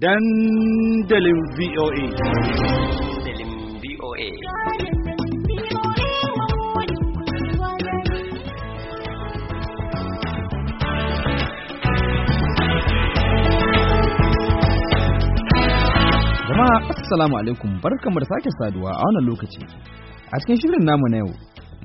dandalin VOA. Dandalin VOA. Jama'a Assalamu alaikum barkamu da sake saduwa a wannan lokaci. A cikin shirin namu na yau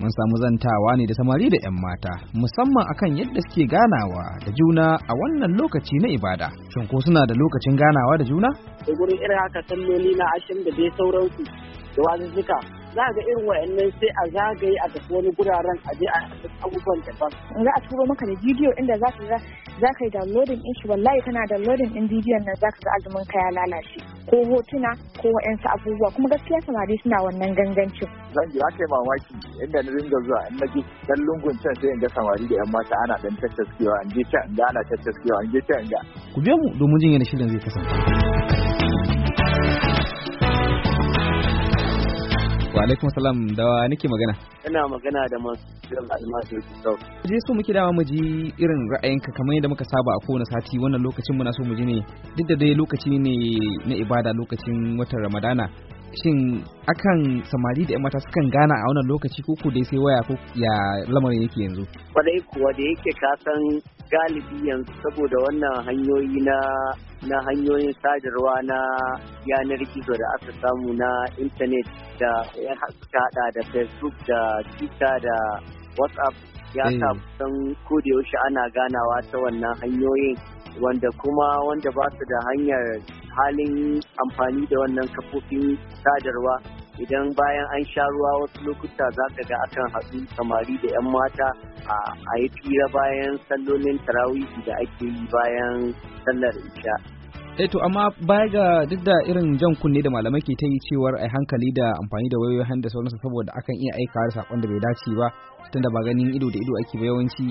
mun samu zantawa ne da samari da 'yan mata musamman akan yadda suke ganawa da juna a wannan lokaci na ibada shin ko suna da lokacin ganawa da juna da gurin irin haka Sannoni na ashirin da dai sauransu da wazuzzuka za ga irin wayannan sai a zagaye a tafi wani guraren a je a abubuwan daban za a turo maka da bidiyo inda za ka za ka yi downloading din shi wallahi kana downloading din bidiyon nan za ka ga azumin ka ya lalace ko hotuna ko wayansu abubuwa kuma gaskiya samari suna wannan gangancin zan ji ake mamaki inda na dinga zuwa in na ji dan lungun can sai in ga samari da yan mata ana dan tattaskewa an je can ga ana tattaskewa an je can ga ku biya mu domin jin yadda shirin zai kasance Wa alaikum salam da wa nake magana? Ina magana da masu jiran almasu Kusau. Je so muke dawa mu ji irin ra'ayinka kamar yadda muka saba a kowane sati wannan lokacin muna so mu ji ne duk da dai lokaci ne na ibada lokacin watan Ramadana. Shin akan samari da 'yan mata sukan gana a wannan lokaci ko ko dai sai waya ko ya lamarin yake yanzu? Kwadai kuwa da yake kasan galibi yanzu saboda wannan hanyoyi na na hanyoyin sadarwa na yanar gizo da aka samu na intanet da ya haɗa da facebook da twitter da whatsapp ya hmm. sa kusan yaushe ana ganawa ta wannan hanyoyin wanda kuma wanda ba su da hanyar halin amfani da wannan kafofin sadarwa idan bayan an sha ruwa wasu lokuta za ka ga akan haɗu samari da 'yan mata a yi fira bayan sallolin tarawihi da ake yi bayan sallar isha eh to amma baya ga duk da irin jan kunne da malamai ke ta yi cewar ai hankali da amfani da wayoyin hannu da sauransu saboda akan iya aika da sakon da bai dace ba tunda ba ganin ido da ido ake ba yawanci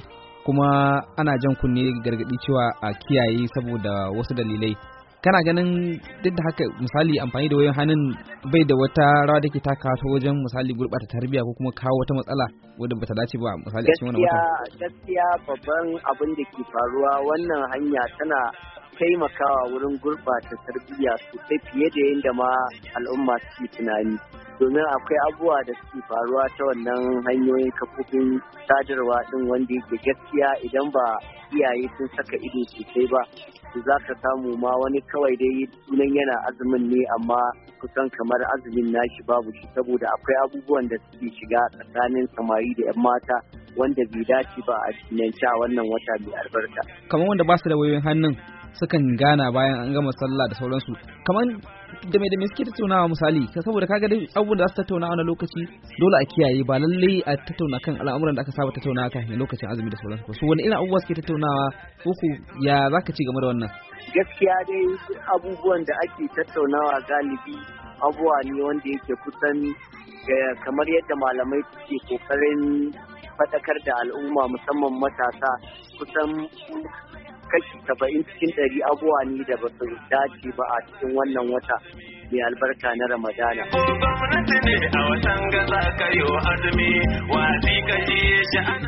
kuma ana jan kunne gargadi cewa a kiyaye saboda wasu dalilai kana ganin duk da haka misali amfani da wayoyin hannun bai da wata rawa da ke taka ta wajen misali gurɓata tarbiyya ko kuma kawo wata matsala wadda bata dace ba misali a cikin wannan wata gaskiya babban abin da ke faruwa wannan hanya tana taimakawa wurin gurɓata tarbiyya sosai fiye da yadda ma al'umma suke tunani domin akwai abubuwa da suke faruwa ta wannan hanyoyin kafofin sadarwa din wanda yake gaskiya idan ba iyaye sun saka ido sosai ba to za ka samu ma wani kawai dai sunan yana azumin ne amma kusan kamar azumin nashi babu shi saboda akwai abubuwan da suke shiga tsakanin samari da 'yan mata wanda bai dace ba a wannan wata mai albarka kamar wanda ba su da wayoyin hannun sukan gana bayan an gama sallah da sauransu kamar da mai da mai suke tattaunawa misali saboda kaga dai abubuwan da za su tattauna wani lokaci dole a kiyaye ba lallai a tattauna kan al'amuran da aka saba tattaunawa kafin lokacin azumi da sauransu so wani irin abubuwa suke tattaunawa ko ku ya zaka ci game da wannan gaskiya dai abubuwan da ake tattaunawa galibi abubuwa ne wanda yake kusan eh, kamar yadda malamai suke kokarin faɗakar da al'umma musamman matasa kusan kashi saba'in cikin ɗari abuwa ne da ba su dace ba a cikin wannan wata mai albarka na ramadana.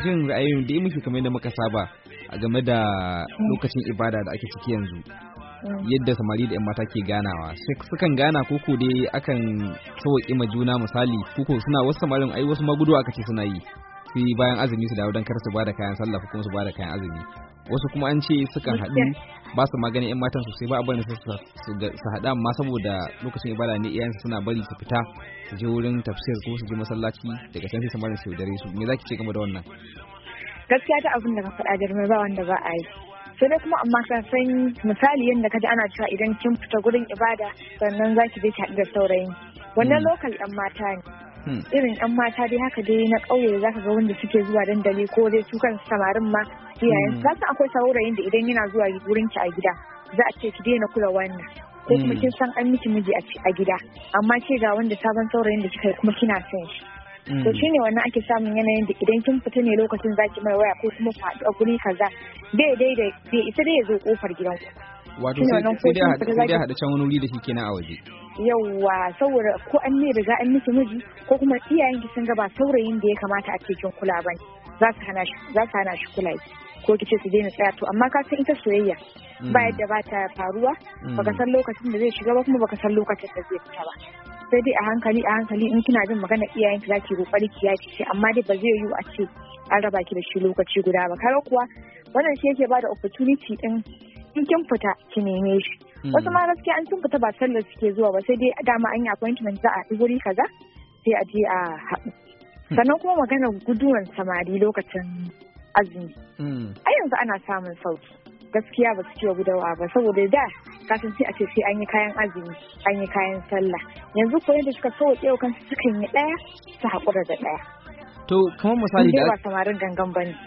jin ra'ayin da muke kamar yadda muka saba a game da lokacin ibada da ake ciki yanzu yadda samari da 'yan mata ke ganawa sukan gana koko dai akan sauƙi ma juna misali koko suna wasu samarin ai wasu magudu aka ce suna yi sai bayan azumi su dawo don kar su bada kayan sallah kuma su bada kayan azumi wasu kuma an ce sukan haɗu ba su magani yan matan sosai ba a bari su haɗa amma saboda lokacin ibada ne iyayensu suna bari su fita su je wurin tafsir ko su je masallaci daga can sai su marin su dare su me zaki ce game da wannan gaskiya ta abin da ka faɗa jarumai ba wanda ba a yi sai dai kuma amma ka san misali yadda ji ana cewa idan kin fita gurin ibada sannan za ki je ki haɗu da saurayin wannan hmm. lokal ɗan mata ne Hmm. irin yan mata dai haka dai na ƙauye za ka ga wanda suke zuwa dandali ko dai su kan samarin ma iyayen za su hmm. akwai saurayin da idan yana zuwa wurin ki a gida za a ce ki daina kula wannan ko kuma hmm. kin san an miki miji a gida amma ce ga wanda sabon saurayin da kika kuma kina son shi to shi ne wannan ake samun yanayin da idan kin fita ne lokacin zaki mai waya ko kuma faɗi a guri kaza daidai dai bai isa dai ya zo kofar gidan ku. wato sai dai hada can wani wuri da shi kenan a waje yawwa saboda ko an ne riga an miki miji ko kuma iyayen ki sun ga ba saurayin da ya kamata a cikin kula bane za su hana shi za su hana shi kula ko ce su daina tsaya to amma ka san ita soyayya mm. ba yadda ba ta faruwa mm. baka san lokacin da zai shiga ba kuma baka san lokacin da zai fita ba sai dai a hankali a hankali in kina jin magana iyayen ki zaki kokari ki yaki ce amma dai ba zai yiwu a ce an raba ki da shi lokaci guda ba kar kuwa wannan shi yake ba da opportunity din in kin fita ki neme shi hmm. wasu ma gaskiya an sun fita ba sallar suke zuwa ba sai dai dama an yi appointment za a yi wuri kaza sai a je a haɗu hmm. sannan kuma maganar guduwan samari lokacin azumi hmm. a yanzu ana samun sauki gaskiya ba su ciwa gudawa ba saboda da kasan sai a ce sai an yi kayan azumi an yi kayan sallah yanzu ko yadda suka sauke kansu sukan yi ɗaya su haƙura da ɗaya To kuma misali da samarin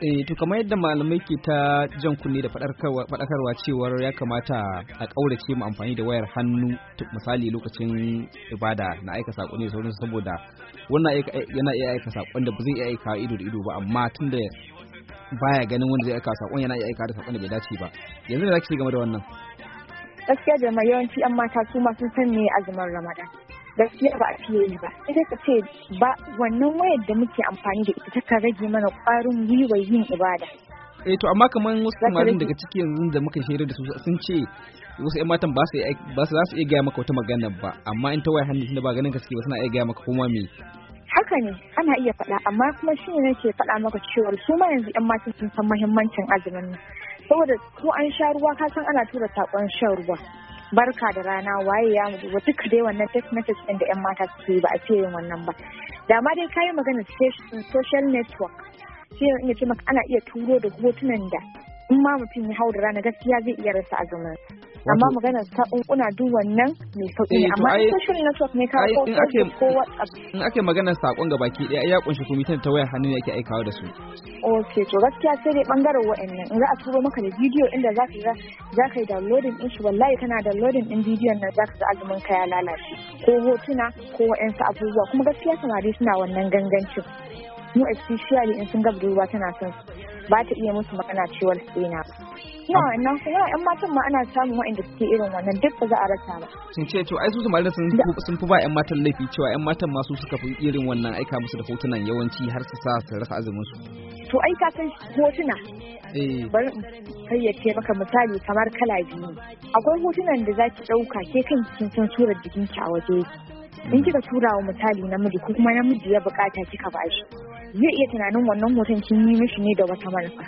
Eh to kamar yadda malamai ke ta jan kunne da faɗakarwa cewar ya kamata a ƙaurace mu amfani da wayar hannu misali lokacin ibada na aika sako ne sauransu saboda wannan yana iya aika sakon da ba zai iya aika ido da ido ba amma tunda baya ganin wanda zai aika sakon yana iya aika da sakon da bai dace ba. Yanzu da zaki game da wannan. Gaskiya jama'a yawanci amma ta su sun san me azumin Ramadan. gaskiya ba a fiye yi ba sai dai ka ce ba wannan wayar da muke amfani da ita ta rage mana ƙwarin gwiwar yin ibada eh to amma kamar wasu samarin daga ciki yanzu da muka shaida da su sun ce wasu ƴan matan ba su ba su za su iya gaya maka wata magana ba amma in ta waya hannu tunda ba ganin ka suke ba suna iya gaya maka kuma me haka ne ana iya faɗa amma kuma shi ne nake faɗa maka cewa su ma yanzu ƴan matan sun san muhimmancin azumin nan saboda ko an sha ruwa ka san ana tura saƙon shan ruwa barka da rana waye ya mutu duka dai wannan text message din da yan mata suke ba a ce yin wannan ba da ma dai kayi magana social network sai ina ce maka ana iya turo da hotunan da in ma mutum ya hau da rana gaskiya zai iya rasa azumin amma magana ta kunkuna duk wannan mai sauki ne eh, amma social network ne ka ko ko WhatsApp in ake maganar sakon ga baki daya ya kunshi komitin ta wayar hannu ne ake aikawa da su okay to gaskiya sai dai bangaren wa'annan in za a turo maka da bidiyo inda za ka za ka yi downloading in shi wallahi kana downloading din bidiyon nan za ka ga azumin ka ya lalace ko hotuna ko wa'ansu abubuwa kuma gaskiya samari suna wannan gangancin mu especially in sun ga budurwa tana son ba ta iya musu magana cewar tsina ba. yawa wannan yawa yan matan ma ana samun da suke irin wannan duk ba za a rasa ba sun ce to ai su samarin sun sun fi ba yan matan laifi cewa yan matan masu suka fi irin wannan aika musu da hotunan yawanci har su sa su rasa azumin su to ai ka san hotuna eh. bari in ce maka misali kamar kala biyu akwai hotunan da za ki ɗauka ke kan kin san surar jikinki a waje in kika tura wa misali namiji ko kuma namiji ya bukata kika ba shi zai iya tunanin wannan hoton kin yi mishi ne da wata manufa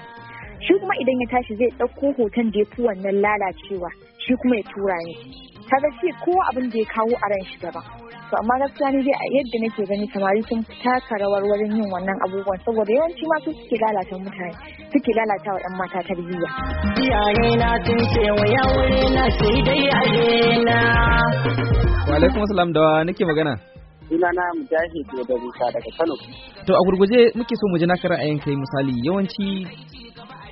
shi kuma idan ya tashi zai ɗauko hoton da ya fi wannan lalacewa shi kuma ya tura ne kaga shi kowa abin da ya kawo a ran shi daban to amma gaskiya ni dai yadda nake gani samari sun taka rawar wurin yin wannan abubuwan saboda yawanci ma su suke lalata mutane suke lalata wa ɗan mata tarbiyya iyaye na sun ce wa ya wuri na sai dai alena wa alaikum salam da nake magana Ina sunana mujahid da daga kano to a gurguje muke so mu ji naka ra'ayin kai misali yawanci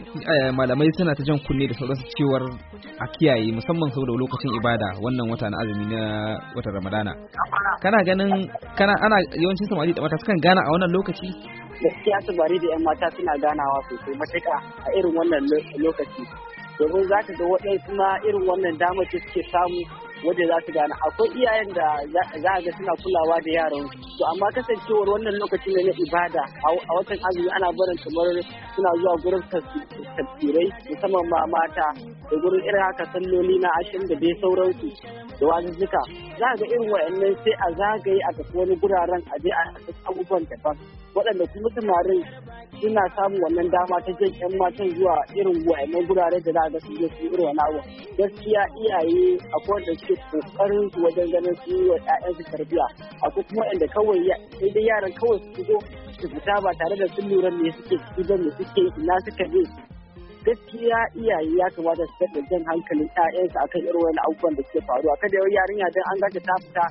Eh, malamai suna ta jan kunne da sauransu cewar a kiyaye musamman saboda lokacin ibada wannan wata na azumi na watan ramadana kana ganin kana ana yawancin samari da mata sukan gana a wannan lokaci gaskiya bari da yan mata suna ganawa sosai matuƙa a irin wannan lokaci domin za ka ga waɗansu ma irin wannan damar da suke samu wajen za su gane akwai iyayen da za a ga suna kulawa da yaran to amma kasancewar wannan lokacin ne na ibada a watan azumi ana barin kamar suna zuwa gurin tafsirai musamman ma mata da gurin irin haka salloli na ashirin da dai sauransu da wazuzzuka za ga irin wa'annan sai a zagaye a tafi wani guraren a je a abubuwan daban waɗanda kuma samarin suna samun wannan dama ta jan yan matan zuwa irin wa'annan gurare da za ga su je su irin wani abu gaskiya iyaye akwai wanda suke kokarin su wajen ganin su yi wa su tarbiyya akwai kuma inda kawai sai dai yaran kawai su zo su fita ba tare da sun lura me suke ciki ba me suke ina suka je gaskiya iyaye ya kamata su da jan hankalin ƴaƴansu kan irin wani abubuwan da suke faruwa kada yau yarinya don an gaji ta fita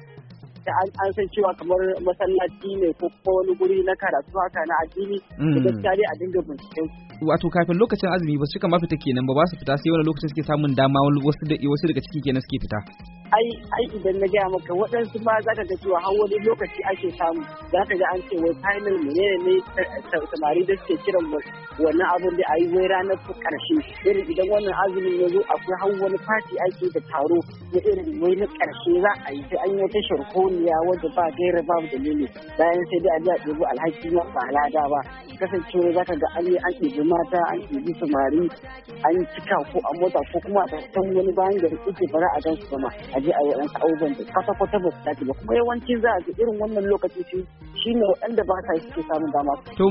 ta an san cewa kamar masallaci ne ko wani guri na karatu haka na addini da mm. gaskiya dai a dinga binciken wato kafin lokacin azumi ba su cika ma fita kenan ba ba su fita sai wani lokacin suke samun dama wasu daga ciki kenan suke fita ai idan na gaya maka waɗansu ma za ka ga cewa har wani lokaci ake samu za ka ga an ce wai final mu ne samari da suke kiran wannan abin da ayi wai ranar karshe irin idan wannan azumin ya zo akwai har wani fati ake da taro na irin wai na karshe za a yi sai an yi wata sharkoniya wadda ba gaira babu dalili bayan sai dai a ji a ɗebi alhaki ma ba lada ba kasancewa za ka ga an yi an ɗebi mata an ɗebi samari an cika ko a mota ko kuma a ɗan wani bayan gari rikici ba za a gan su ba aje a yi ɗan abubuwan da kwata-kwata ba su dace ba kuma yawanci za a ga irin wannan lokaci shi ne waɗanda ba sa suke samun dama. To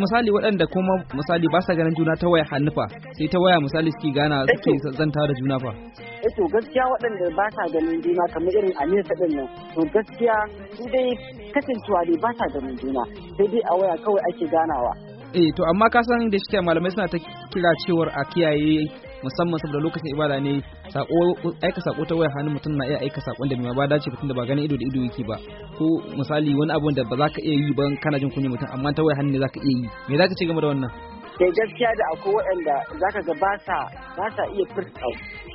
misali waɗanda kuma misali ba sa ganin juna ta waya hannufa sai ta waya misali suke gana eh, suke zanta da juna fa. Eh to gaskiya waɗanda ba sa ganin juna kamar irin a nesa ɗin nan to gaskiya su dai kasancewa dai ba sa ganin juna sai dai a waya kawai ake ganawa. eh to amma ka san da shi malamai suna ta kira cewar a kiyaye musamman saboda lokacin ibada ne sako aika sako ta waya hannun mutum na iya aika sakon da mai ba dace mutum da ba ganin ido da ido yake ba ko misali wani abu da ba za ka iya yi ba kana jin kunya mutum amma ta waya hannun ne za ka iya yi me za ka ce game da wannan sai gaskiya da akwai waɗanda za ka ga ba sa iya furta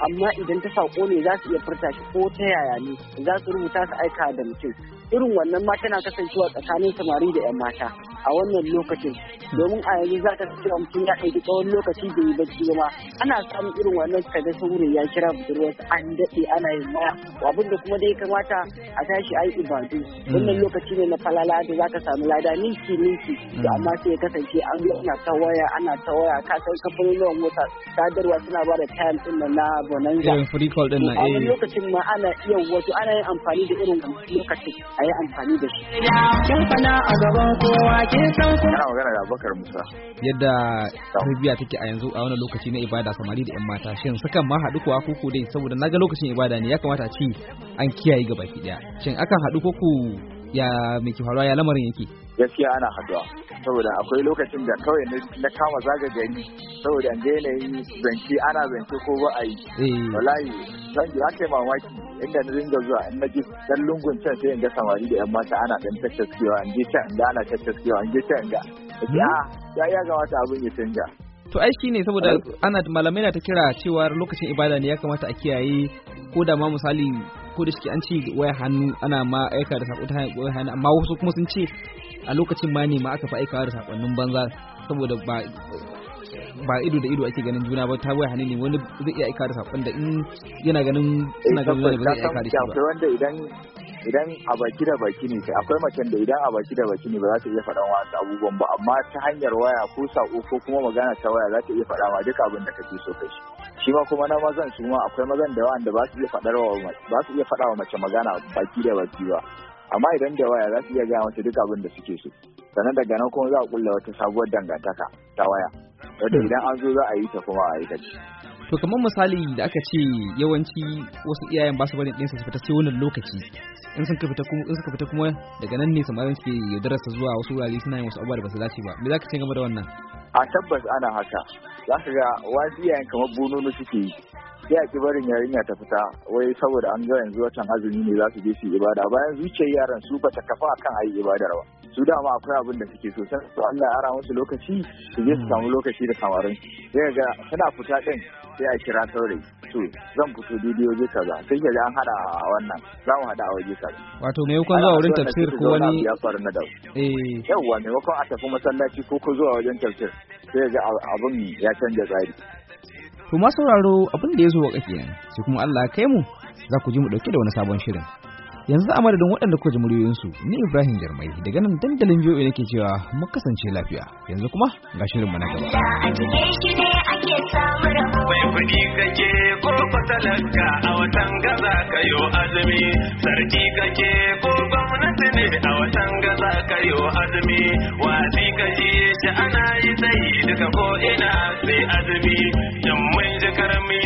amma idan ta saƙo ne za su iya furta shi ko ta yaya ne za su rubuta su aika da mutum irin wannan ma tana kasancewa tsakanin samari da 'yan mata a wannan lokacin domin a yanzu za ka cewa mutum ya ɗauki tsawon lokaci da yi bacci ba ana samun irin wannan ga sun ya kira budurwarsa an daɗe ana yin maya abin da kuma dai kamata a tashi a yi ibadu hmm. wannan lokaci ne na falala da za ka samu lada ninki ninki da hmm. amma sai ya kasance an yi ana ta waya ana ta waya ka san kafin yawan mota sadarwa suna ba da tayan ɗin nan na bonanza. Irin wani A eh. lokacin ma ana iya wasu ana yin amfani da irin lokacin a amfani da shi. Kin a gaban kowa san ku. Ina magana da Abubakar Musa. Yadda tarbiyya take a yanzu a wannan lokaci na ibada samari da 'yan mata shin sukan ma haɗu kuwa ko dai saboda na ga lokacin ibada ne ya kamata a ci an kiyaye gaba ki daya. Shin akan haɗu ko ku ya mai ke faruwa ya lamarin yake? gaskiya ana haduwa saboda akwai lokacin da kawai na kama zaga gani saboda an daina yi zance ana zance ko ba a yi eh. wallahi zan ji ake mamaki inda na ringa zuwa in ji dan lungun can sai in ga samari da yan mata ana dan tattaskewa an je can da ana tattaskewa an je can da hmm? ah, ya ya ya wata abin ya canja to aiki ne saboda ana malamai na ta kira cewa lokacin ibada ne ya kamata a kiyaye ko da ma misali ko da shi an ce waya hannu ana ma aika da sako ta waya hannu amma wasu kuma sun ce a lokacin ma ne ma aka fi aikawa da sakonnin banza saboda ba ba ido da ido ake ganin juna ba ta waya ne wani zai iya aika da sakon da in yana ganin suna ganin wani ba zai aika da shi ba wanda idan idan a baki da baki ne sai akwai macen da idan a baki da baki ne ba za ta iya faɗan wasu abubuwan ba amma ta hanyar waya ko sako ko kuma magana ta waya za ta iya faɗa wa duk abin da kake so kai shi ma kuma na mazan su ma akwai mazan da wanda ba su iya faɗa wa ba su iya faɗa wa mace magana baki da baki ba amma idan da waya za su iya gaya mata duk abin da suke so sannan daga nan kuma za a kulla wata sabuwar dangantaka ta waya wadda hmm. idan an zo za a yi ta kuma a yi ce. to kamar misali da aka ce yawanci wasu iyayen ba su barin ɗinsa su fita sai wannan lokaci in sun fita kuma in suka fita kuma daga nan ne samarin ke yaudarar su zuwa wasu wurare suna yin wasu abubuwa da ba su dace ba me za ka ce game da wannan a tabbas ana haka za ka ga wasu iyayen kamar bunonu suke yi ya ki barin yarinya ta fita wai saboda an ga yanzu watan azumi ne za su je su ibada bayan zuciyar yaran su ba ta kafa akan ayi ibadar ba su dama akwai abin da suke so sai su Allah ya ara musu lokaci su je su samu lokaci da samarin sai ga suna fita din sai a kira saurayi to zan fito daidai waje kaza sai ka an hada a wannan za mu hada a waje kaza wato me yakon zuwa wurin tafsir ko wani ya faru na da eh yawa me yakon a tafi masallaci ko ko zuwa wajen tafsir sai ga abin ya canja tsari To ma sauraro abin da ya zo wa kenan sai kuma Allah ya kai mu za ku ji mu ɗauke da wani sabon shirin. Yanzu a madadin waɗanda kuka ji muryoyinsu ni Ibrahim Jarmai daga nan dandalin biyo nake cewa mu kasance lafiya yanzu kuma ga shirin mu na gaba. Mai kuɗi kake ko fasalanka a watan gaza ka yo azumi sarki kake ko gwamnati ne a watan gaza ka yo azumi wasi ka shi ana yi tsayi duka ko ina sai azumi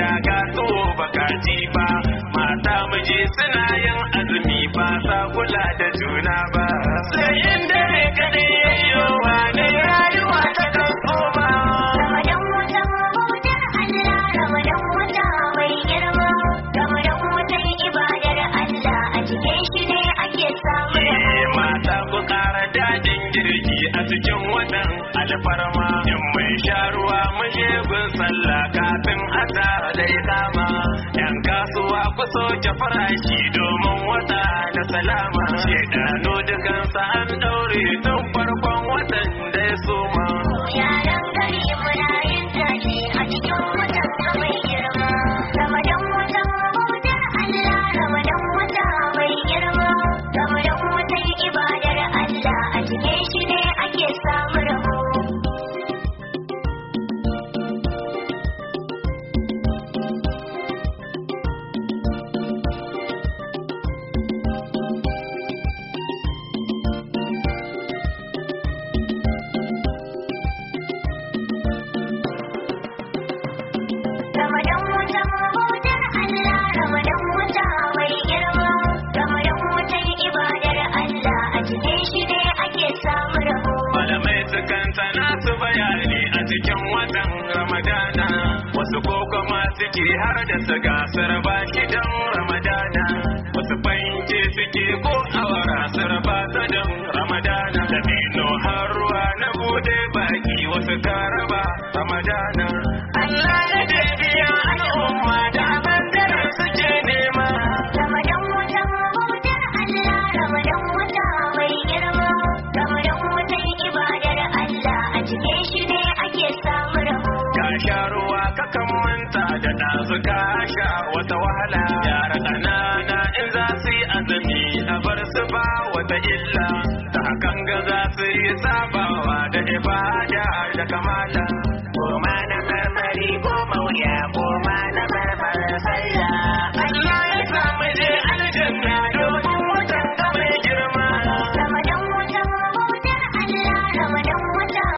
shaga to baka ji ba mata miji suna yin azumi ba sa kula da juna ba sai in dare kade yayowa ne rayuwa ta kan koma ramadan wata bautar Allah ramadan wata mai girma ramadan wata ibadar Allah a cikin shi ne ake samu eh, mata ku kara dajin girki a cikin watan alfarma in mai sharuwa mun sallah kafin zai kama yan kasuwa ku soke farashi domin wata da salama ya dukansa an ɗaure tun farkon watan da ya soma ramadana wasu ko kuma suke har da su gasar baki don ramadana wasu fanke suke ko awara sarba ta don ramadana da har ruwa na bude baki wasu karaba ramadana Na suka sha wata wahala yara ƙanana in za su yi azumi a bar su ba wata illa da hakan ga za su yi sabawa da ibada da kamala goma na marmari goma wuya